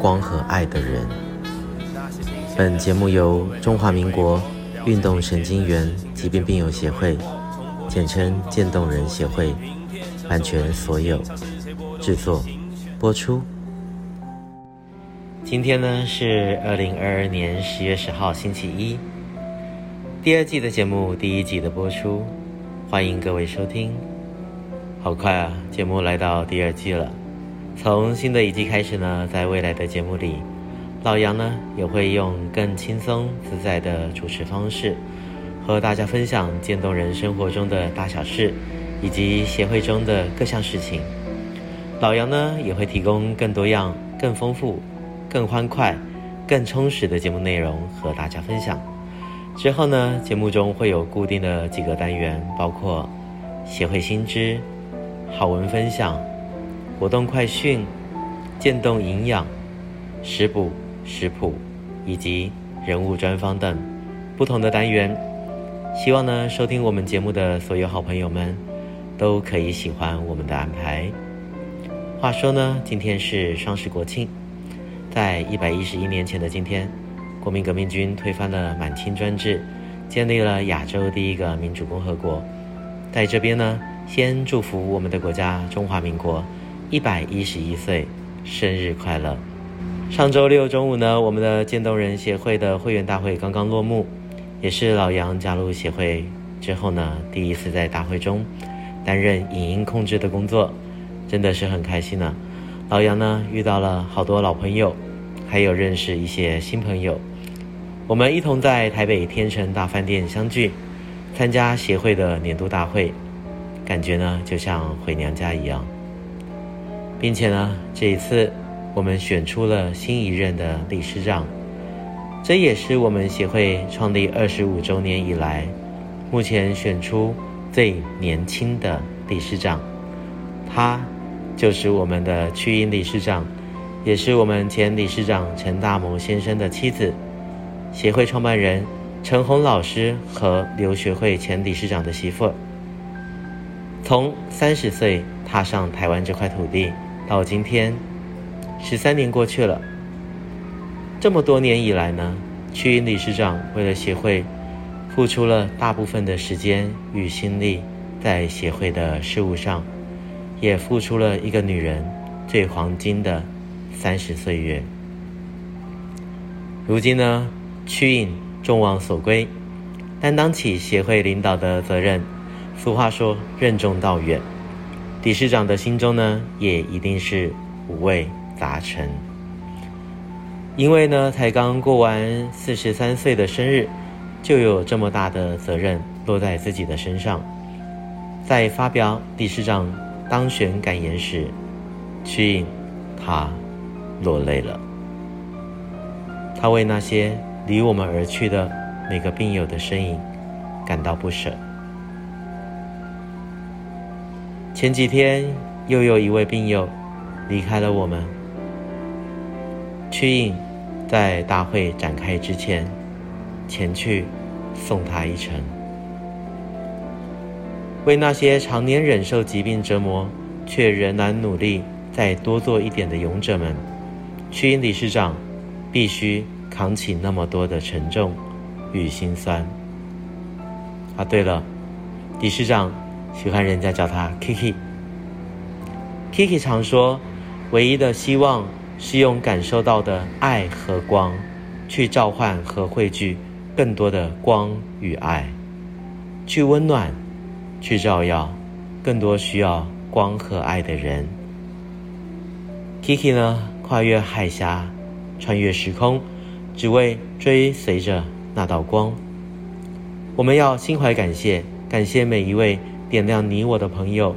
光和愛的人。本節目由中華民國運動神經元疾病病友協會，簡稱漸凍人協會，版權所有製作播出。今天呢是二零二二年十月十號星期一，第二季的節目第一季的播出，歡迎各位收聽。好快啊，節目來到第二季了。從新的一季開始呢，在未來的節目裡，老羊呢也會用更輕鬆自在的主持方式，和大家分享漸凍人生活中的大小事，以及協會中的各項事情。老羊呢也會提供更多樣、更豐富、更歡快、更充實的節目內容和大家分享。之後呢，節目中會有固定的幾個單元，包括協會心知、好文分享。活動快訊、漸凍營養、食補食譜以及人物專訪等不同的單元，希望呢收聽我們節目的所有好朋友們都可以喜歡我們的安排。話說呢，今天是雙十國慶，在一百一十一年前的今天，國民革命軍推翻了滿清專制，建立了亞洲第一個民主共和國。在這邊呢，先祝福我們的國家中華民國。一百一十一歲，生日快樂！上周六中午呢，我們的漸凍人協會的會員大會剛剛落幕，也是老羊加入協會之後呢，第一次在大會中擔任影音控制的工作，真的是很開心呢、啊。老羊呢遇到了好多老朋友，還有認識一些新朋友，我們一同在台北天成大飯店相聚，參加協會的年度大會，感覺呢就像回娘家一樣。並且呢，這一次我們選出了新一任的理事長，這也是我們協會創立二十五周年以來，目前選出最年輕的理事長。她就是我們的屈穎理事長，也是我們前理事長陳大謀先生的妻子，協會創辦人陳宏老師和劉學慧前理事長的媳婦。從三十歲踏上台灣這塊土地，到今天，十三年過去了。這麼多年以來呢，屈穎理事長為了協會，付出了大部分的時間與心力，在協會的事務上，也付出了一個女人最黃金的三十歲月。如今呢，屈穎眾望所歸，擔當起協會領導的責任。俗話說，任重道遠。理事長的心中呢，也一定是五味雜陳，因為呢，才剛過完四十三歲的生日，就有這麼大的責任落在自己的身上。在發表理事長當選感言時，屈穎她落淚了，她為那些離我們而去的每個病友的身影感到不捨。前幾天又有一位病友離開了我們。屈穎在大會展開之前，前去送他一程，為那些長年忍受疾病折磨卻仍然努力再多做一點的勇者們，屈穎理事長必須扛起那麼多的沉重與辛酸。啊，對了，理事長。喜歡人家叫她 Kiki。Kiki 常說，唯一的希望是用感受到的愛和光，去召喚和匯聚更多的光與愛，去溫暖，去照耀，更多需要光和愛的人。Kiki 呢，跨越海峽，穿越時空，只為追隨着那道光。我們要心懷感謝，感謝每一位。點亮你我的朋友，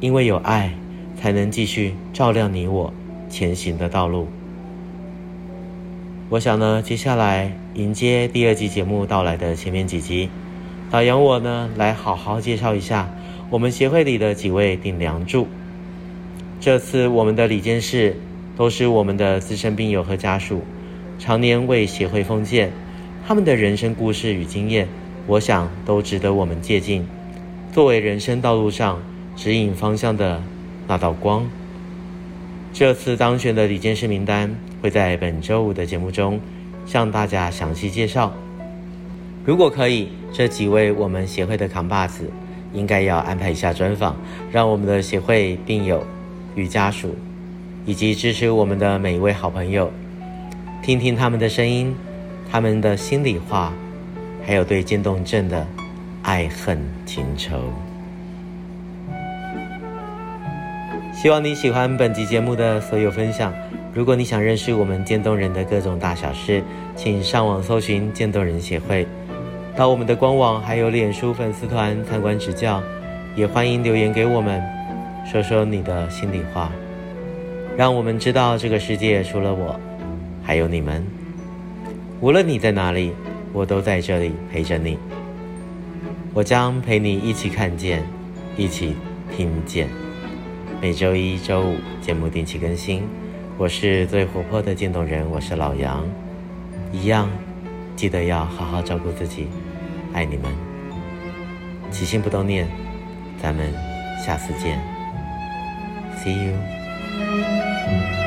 因為有愛，才能繼續照亮你我前行的道路。我想呢，接下來迎接第二季節目到來的前面幾集，老羊我呢，來好好介紹一下我們協會裡的幾位頂梁柱。這次我們的理監事都是我們的資深病友和家屬，常年為協會奉獻，他們的人生故事與經驗，我想都值得我們借鏡。作為人生道路上指引方向的那道光。這次當選的理監事名單會在本周五的節目中向大家詳細介紹。如果可以，這幾位我們協會的扛霸子應該要安排一下專訪，讓我們的協會病友、與家屬以及支持我們的每一位好朋友，聽聽他們的聲音、他們的心裡話，還有對漸凍症的愛恨情仇，希望你喜歡本集節目的所有分享。如果你想認識我們漸凍人的各種大小事，請上網搜尋漸凍人協會，到我們的官網還有臉書粉絲團參觀指教。也歡迎留言給我們，說說你的心裡話，讓我們知道這個世界除了我，還有你們。無論你在哪裡，我都在這裡陪着你。我將陪你一起看見，一起聽見。每周一、周五節目定期更新。我是最活潑的漸凍人，我是老羊。一樣，記得要好好照顧自己。愛你們，起心不凍念，咱們下次見。See you.